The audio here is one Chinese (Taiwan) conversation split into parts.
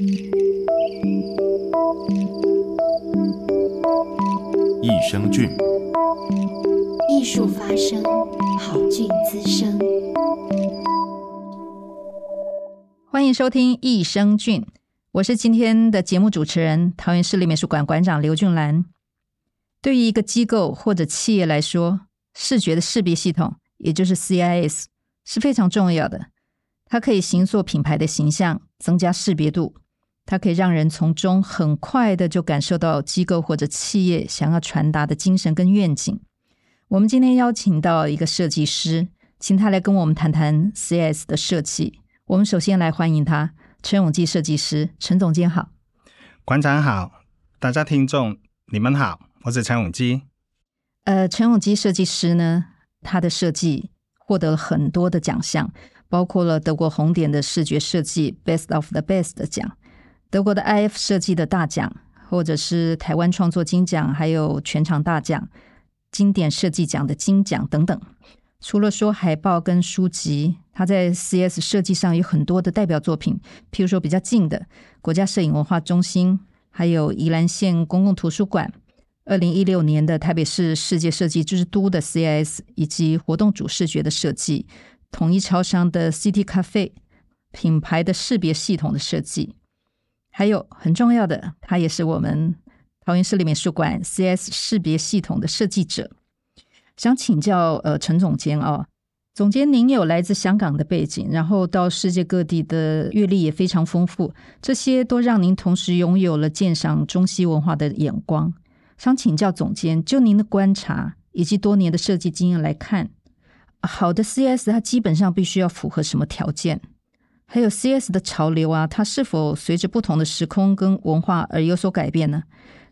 益生菌，藝術發聲，好菌滋生。歡迎收聽《益生菌》，我是今天的節目主持人，桃園市立美術館館長劉俊蘭。對於一個機構或者企業來說，視覺的識別系統，也就是 CIS，是非常重要的。它可以形塑品牌的形象，增加識別度。它可以讓人從中很快的就感受到機構或者企業想要傳達的精神跟願景。我們今天邀請到一個設計師，請他來跟我們談談 CIS 的設計。我們首先來歡迎他，陳永基設計師，陳總監好，館長好，大家聽眾你們好，我是陳永基。呃，陳永基設計師呢，他的設計獲得了很多的獎項，包括了德國紅點的視覺設計 Best of the Best 的獎。德國的 iF 設計的大獎，或者是台灣創作金獎，還有全場大獎、經典設計獎的金獎等等。除了說海報跟書籍，它在 CIS 設計上有很多的代表作品，譬如說比較近的國家攝影文化中心，還有宜蘭縣公共圖書館。二零一六年的台北市世界設計之、就是、都的 CIS，以及活動主視覺的設計，統一超商的 City Cafe 品牌的識別系統的設計。還有很重要的，他也是我們桃園市立美術館 CIS 識別系統的設計者。想請教呃，陳總監啊、哦，總監您有來自香港的背景，然後到世界各地的閱歷也非常豐富，這些都讓您同時擁有了鑑賞中西文化的眼光。想請教總監，就您的觀察以及多年的設計經驗來看，好的 CIS 它基本上必須要符合什麼條件？還有 CIS 的潮流啊，它是否隨着不同的時空跟文化而有所改變呢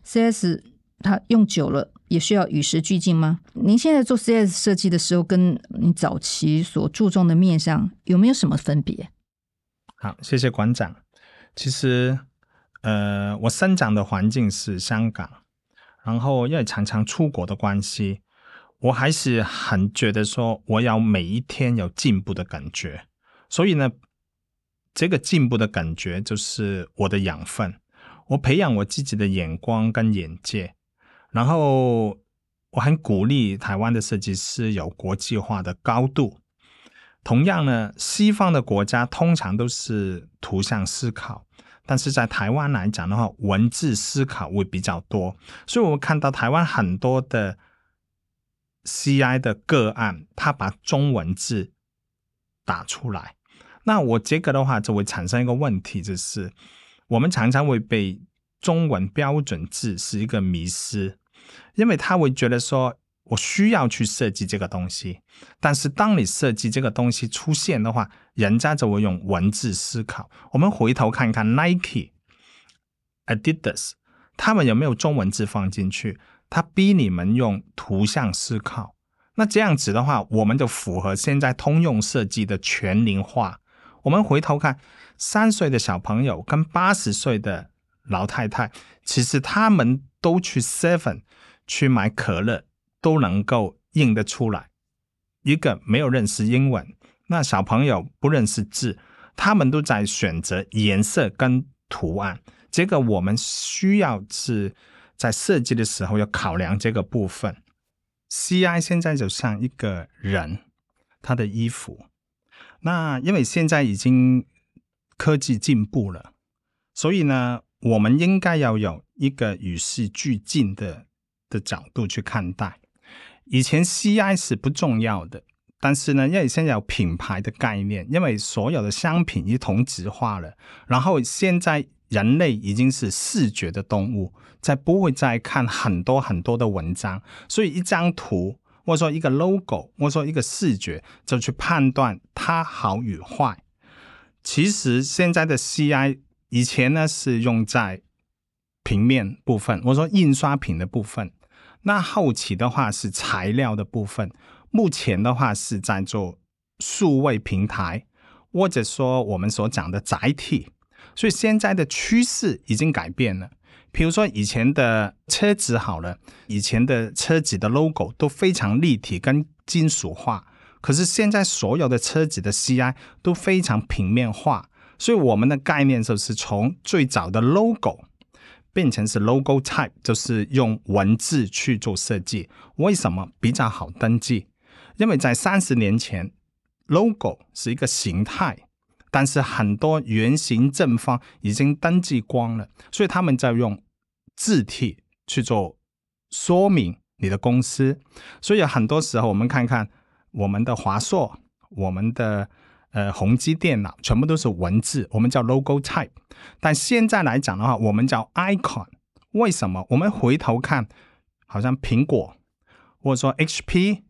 ？CIS 它用久了也需要與時俱進嗎？您現在做 CIS 設計的時候，跟你早期所注重的面向有沒有什麼分別？好，謝謝館長。其實，呃，我生長的環境是香港，然後因為常常出國的關係，我還是很覺得說我要每一天有進步的感覺，所以呢。這個進步的感覺就是我的養分，我培養我自己的眼光跟眼界，然後我很鼓勵台灣的設計師有國際化的高度。同樣呢，西方的國家通常都是圖像思考，但是在台灣來講的話，文字思考會比較多，所以，我看到台灣很多的 CI 的個案，他把中文字打出來。那我這個的話就會產生一個問題，就是我們常常會被中文標準字是一個迷思，因為他會覺得說我需要去設計這個東西，但是當你設計這個東西出現的話，人家就會用文字思考。我們回頭看看 Nike、Adidas，他們有沒有中文字放進去？他逼你們用圖像思考。那這樣子的話，我們就符合現在通用設計的全齡化。我們回頭看，三歲的小朋友跟八十歲的老太太，其實他們都去 Seven 去買可樂，都能夠印得出來。一個沒有認識英文，那小朋友不認識字，他們都在選擇顏色跟圖案。這個我們需要是在設計的時候要考量這個部分。CI 現在就像一個人，他的衣服。那因為現在已經科技進步了，所以呢，我們應該要有一個與時俱進的的角度去看待。以前 CI 是不重要的，但是呢，因為現在有品牌的概念，因為所有的商品一同質化了，然後現在人類已經是視覺的動物，再不會再看很多很多的文章，所以一張圖。我說一個 logo，我說一個視覺，就去判斷它好與壞。其實現在的 CI 以前呢是用在平面部分，我說印刷品的部分。那後期的話是材料的部分，目前的話是在做數位平台，或者說我們所講的載體。所以現在的趨勢已經改變了。比如說以前的車子好了，以前的車子的 logo 都非常立體跟金屬化，可是現在所有的車子的 CI 都非常平面化。所以我們的概念就是從最早的 logo 變成是 logo type，就是用文字去做設計。為什麼比較好登記？因為在三十年前，logo 是一個形態，但是很多圓形、正方已經登記光了，所以他們在用。字體去做說明你的公司，所以很多時候我們看看我們的華碩，我們的呃宏碁電腦，全部都是文字，我們叫 logo type。但現在來講的話，我們叫 icon。為什麼？我們回頭看，好像蘋果，或者說 HP，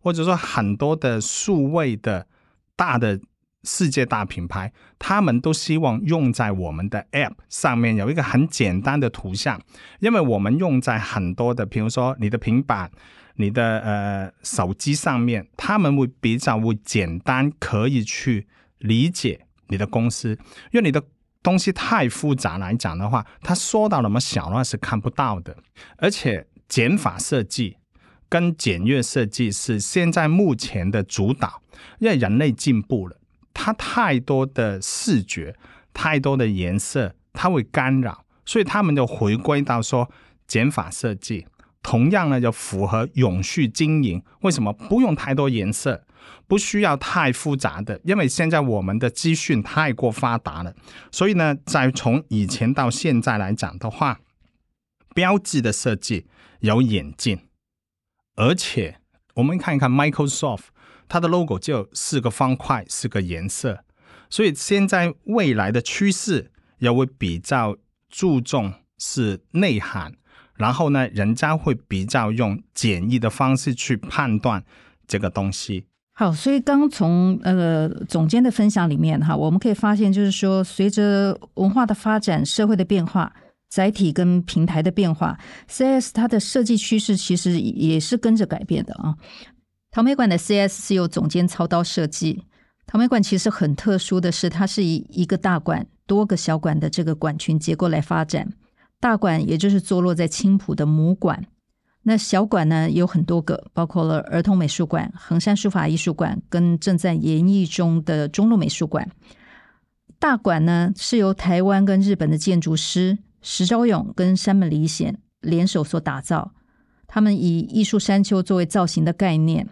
或者說很多的數位的大的。世界大品牌，他們都希望用在我們的 App 上面有一個很簡單的圖像，因為我們用在很多的，比如說你的平板、你的呃手機上面，他們會比較會簡單，可以去理解你的公司。因為你的東西太複雜來講的話，它縮到那麼小的話是看不到的。而且減法設計跟簡約設計是現在目前的主導，因為人類進步了。它太多的視覺，太多的顏色，它會干擾，所以他們就回歸到說減法設計。同樣呢，就符合永續經營。為什麼不用太多顏色？不需要太複雜的，因為現在我們的資訊太過發達了。所以呢，再從以前到現在來講的話，標誌的設計有演進，而且我們看一看 Microsoft。它的 logo 就四個方塊，四個顏色，所以現在未來的趨勢，也會比較注重是內涵，然後呢，人家會比較用簡易的方式去判斷這個東西。好，所以剛從呃總監的分享裡面哈，我們可以發現，就是說隨着文化的發展、社會的變化、載體跟平台的變化，CS 它的設計趨勢其實也是跟着改變的啊。桃美館的 CIS 是由總監操刀設計。桃美館其實很特殊的是，它是以一個大館、多個小館的這個館群結構來發展。大館也就是坐落在青埔的母館，那小館呢有很多個，包括了兒童美術館、橫山書法藝術館跟正在研議中的中路美術館。大館呢是由台灣跟日本的建築師石昭勇跟山本理顯聯手所打造，他們以藝術山丘作為造型的概念。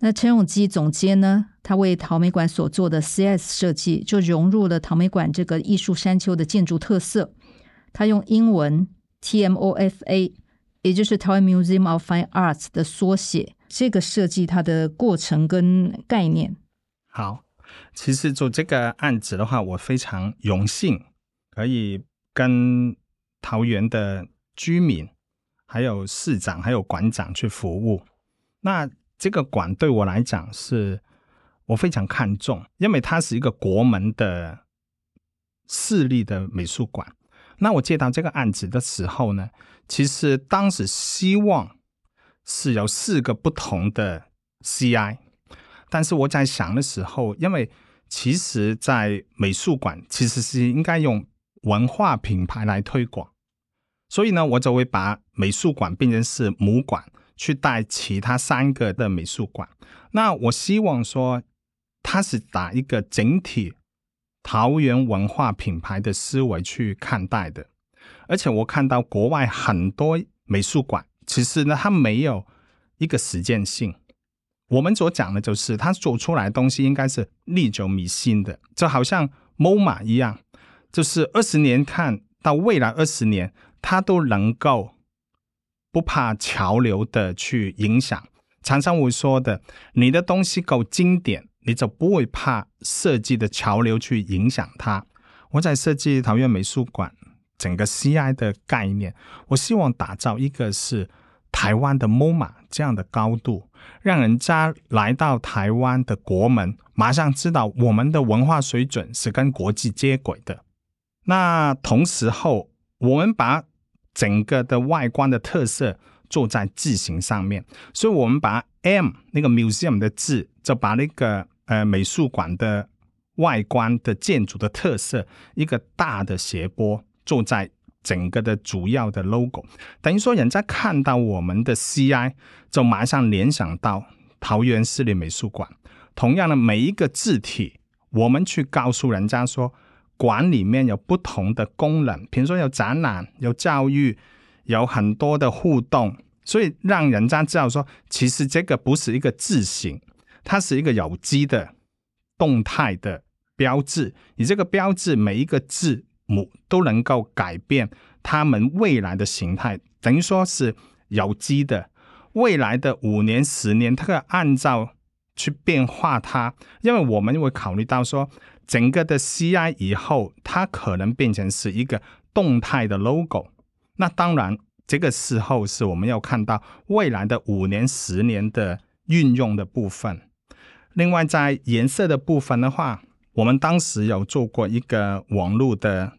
那陳永基總監呢，他為桃美館所做的 CS 設計，就融入了桃美館這個藝術山丘的建築特色。他用英文 TMOFA，也就是 Taoyuan Museum of Fine Arts 的縮寫，這個設計它的過程跟概念。好，其實做這個案子的話，我非常榮幸可以跟桃園的居民、還有市長、還有館長去服務。那這個館對我來講是我非常看重，因為它是一個國門的市立的美術館。那我接到這個案子的時候呢，其實當時希望是有四個不同的 CI，但是我在想的時候，因為其實在美術館其實是應該用文化品牌來推廣，所以呢，我就會把美術館變成是母館。去帶其他三個的美術館，那我希望說，他是打一個整體桃園文化品牌的思維去看待的。而且我看到國外很多美術館，其實呢，它沒有一個實踐性。我們所講的就是，他做出來的東西應該是歷久彌新的，就好像 MoMA 一樣，就是二十年看到未來二十年，他都能夠。不怕潮流的去影響，常常我說的，你的東西夠經典，你就不會怕設計的潮流去影響它。我在設計桃園美術館整個 CI 的概念，我希望打造一個是台灣的 MOMA 這樣的高度，讓人家來到台灣的國門，馬上知道我們的文化水準是跟國際接軌的。那同時候，我們把。整個的外觀的特色做在字形上面，所以我們把 M 那個 museum 的字，就把那個呃美術館的外觀的建築的特色，一個大的斜坡做在整個的主要的 logo。等於說，人家看到我們的 CI，就馬上聯想到桃園市立美術館。同樣的，每一個字體，我們去告訴人家說。館裡面有不同的功能，比如說有展覽、有教育，有很多的互動，所以讓人家知道說，其實這個不是一個字形，它是一個有機的動態的標誌。你這個標誌每一個字母都能夠改變它們未來的形態，等於說是有機的。未來的五年、十年，它會按照去變化它，因為我們會考慮到說。整個的 CI 以後，它可能變成是一個動態的 logo。那當然，這個時候是我們要看到未來的五年、十年的運用的部分。另外，在顏色的部分的話，我們當時有做過一個網絡的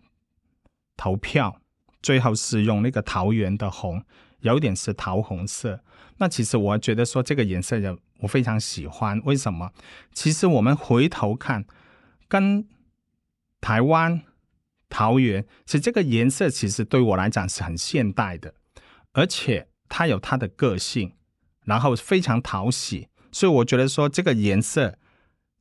投票，最後是用那個桃園的紅，有點是桃紅色。那其實我覺得說這個顏色我非常喜歡，為什麼？其實我們回頭看，跟台灣桃園，其實這個顏色其實對我來講是很現代的，而且它有它的個性，然後非常討喜，所以我覺得說這個顏色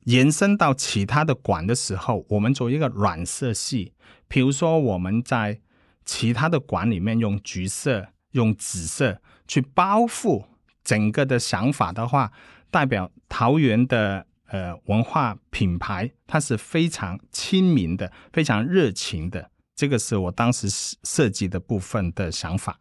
延伸到其他的館的時候，我們做一個軟色系，比如說我們在其他的館裡面用橘色、用紫色去包覆整個的想法的話，代表桃園的。呃，文化品牌，它是非常親民的，非常熱情的，這個是我當時設計的部分的想法。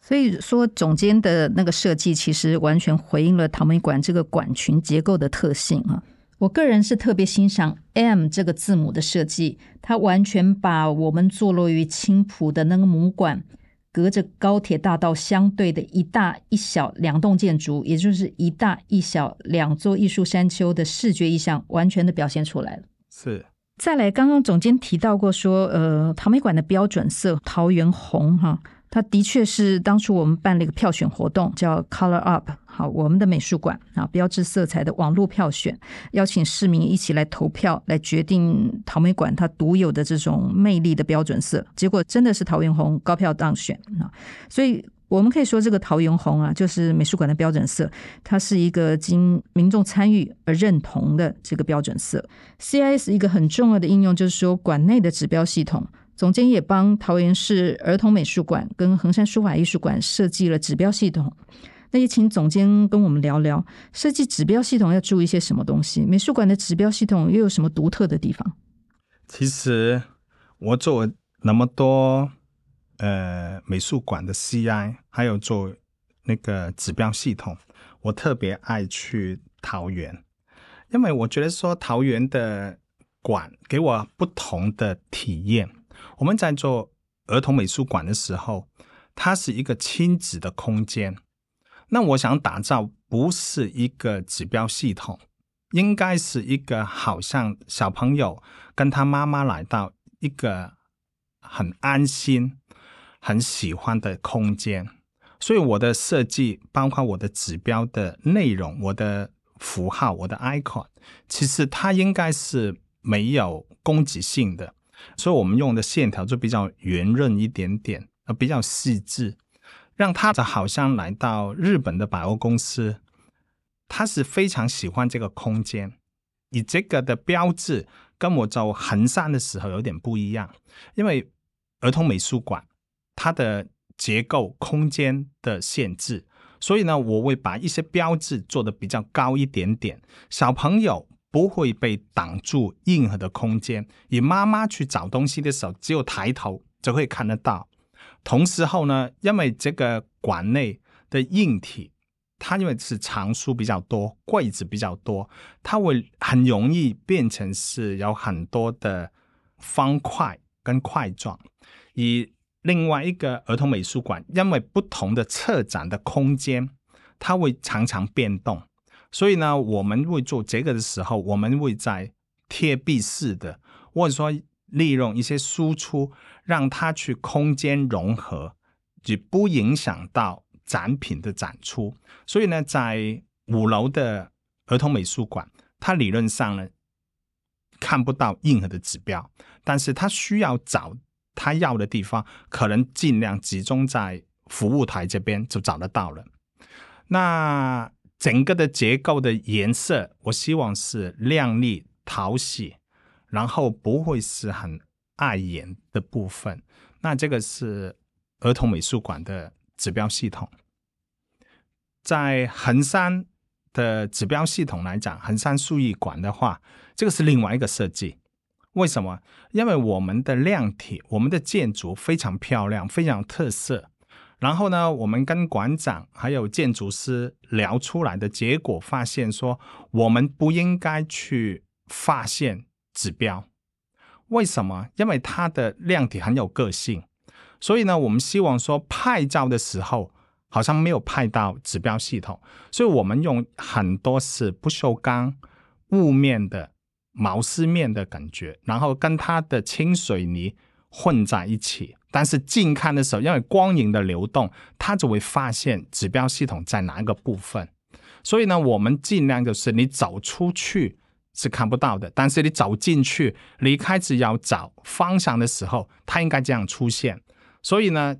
所以說，總監的那個設計其實完全回應了桃美館這個館群結構的特性啊。我個人是特別欣賞 M 這個字母的設計，它完全把我們坐落於青埔的那個母館。隔着高鐵大道相對的一大一小兩棟建築，也就是一大一小兩座藝術山丘的視覺意象，完全的表現出來了。是。再來，剛剛總監提到過說，呃，桃美館的標準色桃園紅哈、啊，它的確是當初我們辦了一個票選活動，叫 Color Up。好，我們的美術館啊，標志色彩的網絡票選，邀請市民一起來投票，來決定桃美館它獨有的這種魅力的標準色。結果真的是桃園紅高票當選啊！所以我們可以說，這個桃園紅啊，就是美術館的標準色，它是一個經民眾參與而認同的這個標準色。CIS 一個很重要的應用就是說，館內的指標系統，總監也幫桃園市兒童美術館跟橫山書法藝術館設計了指標系統。也請總監跟我們聊聊設計指標系統要注意些什麼東西？美術館的指標系統又有什麼獨特的地方？其實我做那麼多呃美術館的 CI，還有做那個指標系統，我特別愛去桃園，因為我覺得說桃園的館給我不同的體驗。我們在做兒童美術館的時候，它是一個親子的空間。那我想打造不是一個指標系統，應該是一個好像小朋友跟他媽媽來到一個很安心、很喜歡的空間。所以我的設計，包括我的指標的內容、我的符號、我的 icon，其實它應該是沒有攻擊性的。所以我們用的線條就比較圓潤一點點，呃，比較細緻。讓他好像來到日本的百貨公司，他是非常喜歡這個空間。以這個的標誌，跟我走橫山的時候有點不一樣，因為兒童美術館它的結構空間的限制，所以呢，我會把一些標誌做得比較高一點點，小朋友不會被擋住任何的空間。以媽媽去找東西的時候，只有抬頭就會看得到。同時候呢，因為這個館內的硬體，它因為是藏書比較多，櫃子比較多，它會很容易變成是有很多的方塊跟塊狀。以另外一個兒童美術館，因為不同的策展的空間，它會常常變動，所以呢，我們會做這個的時候，我們會在貼壁式的，或者說。利用一些輸出，讓它去空間融合，也不影響到展品的展出。所以呢，在五樓的兒童美術館，它理論上呢，看不到硬核的指標，但是它需要找它要的地方，可能儘量集中在服務台這邊就找得到了。那整個的結構的顏色，我希望是亮麗、討喜。然後不會是很礙眼的部分。那這個是兒童美術館的指標系統。在橫山的指標系統來講，橫山書藝館的話，這個是另外一個設計。為什麼？因為我們的量體，我們的建築非常漂亮，非常特色。然後呢，我們跟館長還有建築師聊出來的結果，發現說我們不應該去發現。指標，為什麼？因為它的量體很有個性，所以呢，我們希望說拍照的時候好像沒有拍到指標系統，所以我們用很多是不鏽鋼霧面的毛絲面的感覺，然後跟它的清水泥混在一起。但是近看的時候，因為光影的流動，它就會發現指標系統在哪一個部分。所以呢，我們盡量就是你走出去，是看不到的，但是你走進去，你開始要找方向的時候，它應該這樣出現。所以呢，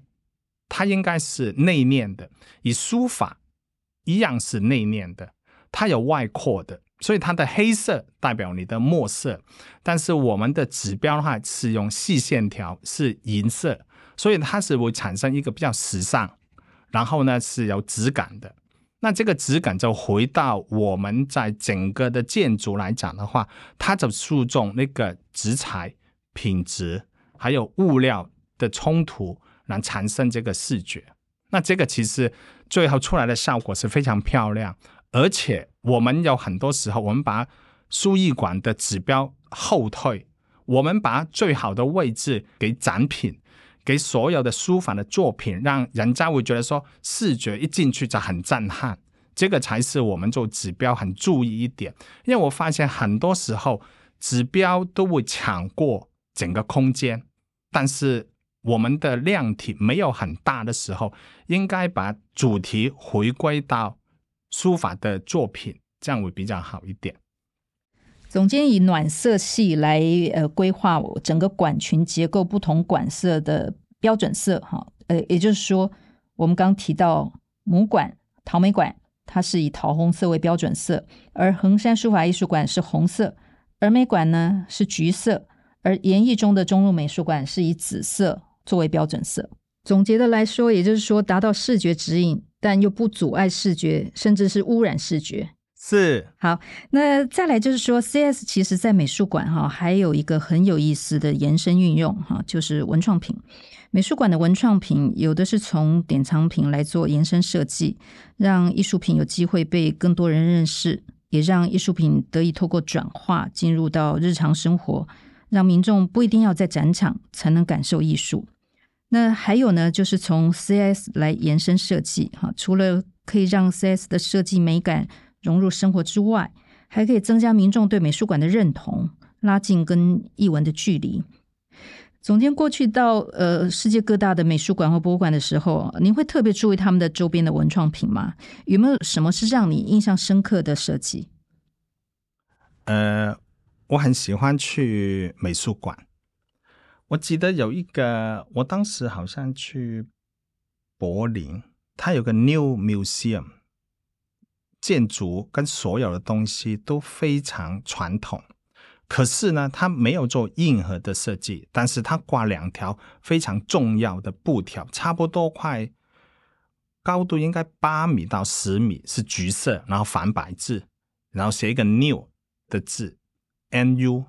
它應該是內斂的，以書法一樣是內斂的，它有外擴的，所以它的黑色代表你的墨色，但是我們的指標的話是用細線條，是銀色，所以它是會產生一個比較時尚，然後呢，是有質感的。那這個質感就回到我們在整個的建築來講的話，它就注重那個紙材品質，還有物料的衝突來產生這個視覺。那這個其實最後出來的效果是非常漂亮，而且我們有很多時候我們把輸液館的指標後退，我們把最好的位置給展品。給所有的書法的作品，讓人家會覺得說視覺一進去就很震撼，這個才是我們做指標很注意一點。因為我發現很多時候指標都會搶過整個空間，但是我們的量體沒有很大的時候，應該把主題回歸到書法的作品，這樣會比較好一點。總監以暖色系來呃，規劃整個館群結構，不同館色的標準色哈，呃，也就是說，我們剛提到母館，桃美館，它是以桃紅色為標準色，而橫山書法藝術館是紅色，而美館呢是橘色，而演藝中的中路美術館是以紫色作為標準色。總結的來說，也就是說，達到視覺指引，但又不阻礙視覺，甚至是污染視覺。是好，那再來就是說，CIS 其實，在美術館哈，還有一個很有意思的延伸運用哈，就是文創品。美術館的文創品，有的是從典藏品來做延伸設計，讓藝術品有機會被更多人認識，也讓藝術品得以透過轉化進入到日常生活，讓民眾不一定要在展場才能感受藝術。那還有呢，就是從 CIS 來延伸設計哈，除了可以讓 CIS 的設計美感。融入生活之外，還可以增加民眾對美術館的認同，拉近跟藝文的距離。總監過去到呃世界各大的美術館或博物館的時候，您會特別注意他們的周邊的文創品嗎？有沒有什麼是讓你印象深刻的設計？呃，我很喜歡去美術館。我記得有一個，我當時好像去柏林，它有個 New Museum。建築跟所有的東西都非常傳統，可是呢，它沒有做硬核的設計，但是它掛兩條非常重要的布條，差不多快高度應該八米到十米，是橘色，然後反白字，然後寫一個 “new” 的字，n u，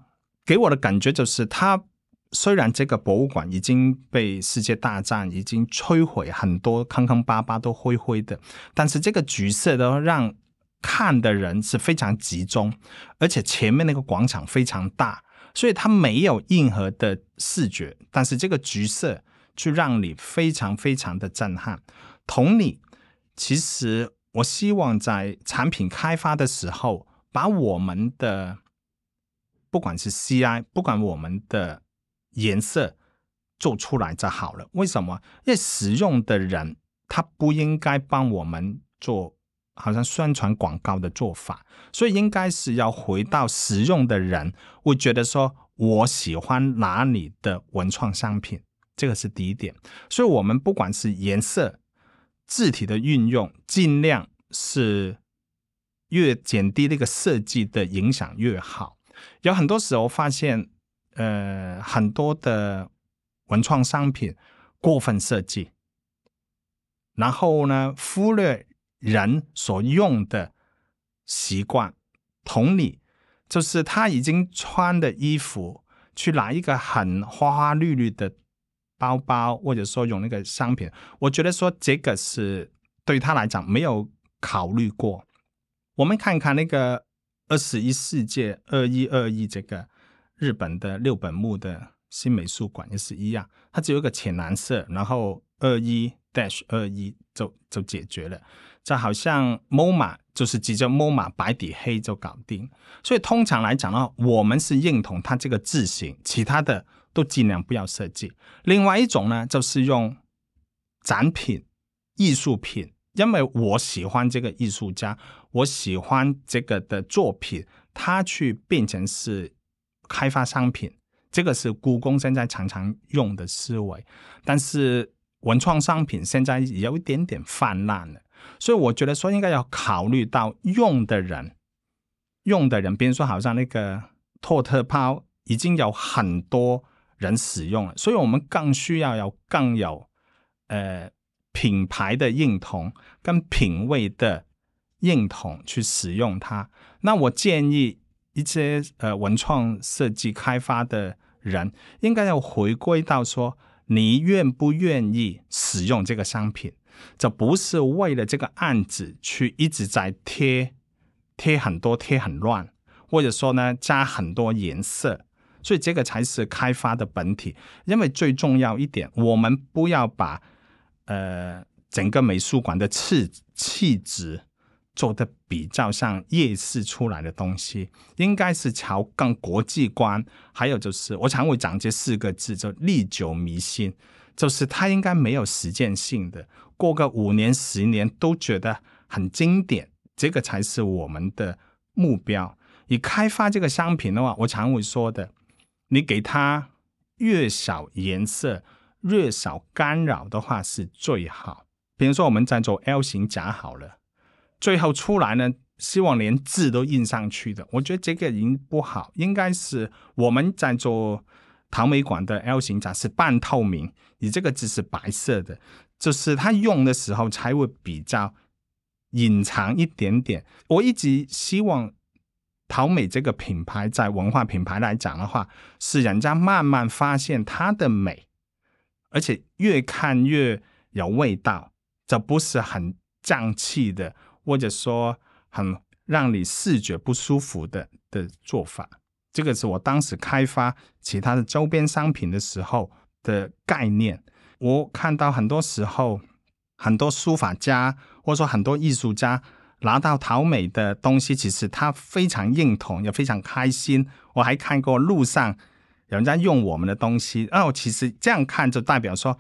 給我的感覺就是它。雖然這個博物館已經被世界大戰已經摧毀很多，坑坑巴巴都灰灰的，但是這個橘色的讓看的人是非常集中，而且前面那個廣場非常大，所以它沒有任何的視覺，但是這個橘色就讓你非常非常的震撼。同理，其實我希望在產品開發的時候，把我們的不管是 CI，不管我們的。顏色做出來就好了，為什麼？因為使用的人，他不應該幫我們做好像宣傳廣告的做法，所以應該是要回到使用的人。會覺得說，我喜歡哪裡的文創商品，這個是第一點。所以，我們不管是顏色、字體的運用，盡量是越減低那個設計的影響越好。有很多時候發現。呃，很多的文創商品過分設計，然後呢，忽略人所用的習慣。同理，就是他已經穿的衣服，去拿一個很花花綠綠的包包，或者說用那個商品，我覺得說，這個是對他來講沒有考慮過。我們看看那個二十一世紀二一二一這個。日本的六本木的新美術館也是一樣，它只有一個淺藍色，然後二一 dash 二一就就解決了。就好像 MOMA 就是直接 MOMA 白底黑就搞定。所以通常來講呢，我們是認同它這個字型，其他的都盡量不要設計。另外一種呢，就是用展品、藝術品，因為我喜歡這個藝術家，我喜歡這個的作品，它去變成是。開發商品，這個是故宮現在常常用的思維，但是文創商品現在有一點點泛濫了，所以我覺得說應該要考慮到用的人，用的人，比如說好像那個托特包已經有很多人使用了，所以我們更需要有更有呃品牌的認同跟品味的認同去使用它。那我建議。一些呃文創設計開發的人，應該要回歸到說，你願不願意使用這個商品？這不是為了這個案子去一直在貼貼很多、貼很亂，或者說呢加很多顏色，所以這個才是開發的本體。因為最重要一點，我們不要把呃整個美術館的氣氣質。做的比較像夜市出來的東西，應該是朝更國際觀，還有就是我常會講這四個字，就歷久彌新，就是它應該沒有時間性的，過個五年十年都覺得很經典，這個才是我們的目標。你開發這個商品的話，我常會說的，你給它越少顏色，越少干擾的話是最好。比如說我們在做 L 型夾好了。最後出來呢，希望連字都印上去的。我覺得這個已經不好，應該是我們在做桃美館的 L 型展架是半透明，你這個字是白色的，就是它用的時候才會比較隱藏一點點。我一直希望桃美這個品牌在文化品牌來講的話，是人家慢慢發現它的美，而且越看越有味道，這不是很匠氣的。或者說很讓你視覺不舒服的的做法，這個是我當時開發其他的週邊商品的時候的概念。我看到很多時候，很多書法家或者說很多藝術家拿到桃美的東西，其實他非常認同，也非常開心。我還看過路上有人在用我們的東西。哦，其實這樣看就代表說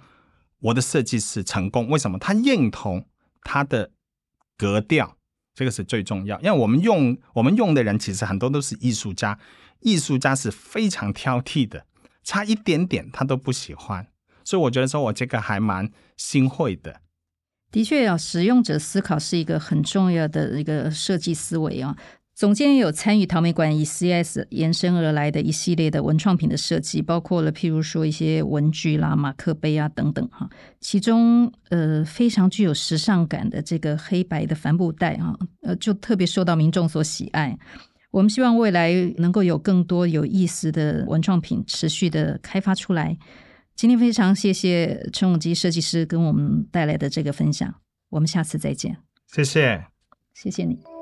我的設計是成功。為什麼？他認同他的。格調，這個是最重要，因為我們用我們用的人其實很多都是藝術家，藝術家是非常挑剔的，差一點點他都不喜歡，所以我覺得說我這個還蠻欣慰的。的確、哦，有使用者思考是一個很重要的一個設計思維哦。總監也有參與桃美館以 CIS 延伸而來的一系列的文創品的設計，包括了譬如說一些文具啦、馬克杯啊等等哈。其中呃非常具有時尚感的這個黑白的帆布袋哈，呃就特別受到民眾所喜愛。我們希望未來能夠有更多有意思的文創品持續的開發出來。今天非常謝謝陳永基設計師跟我們帶來的這個分享，我們下次再見。謝謝，謝謝你。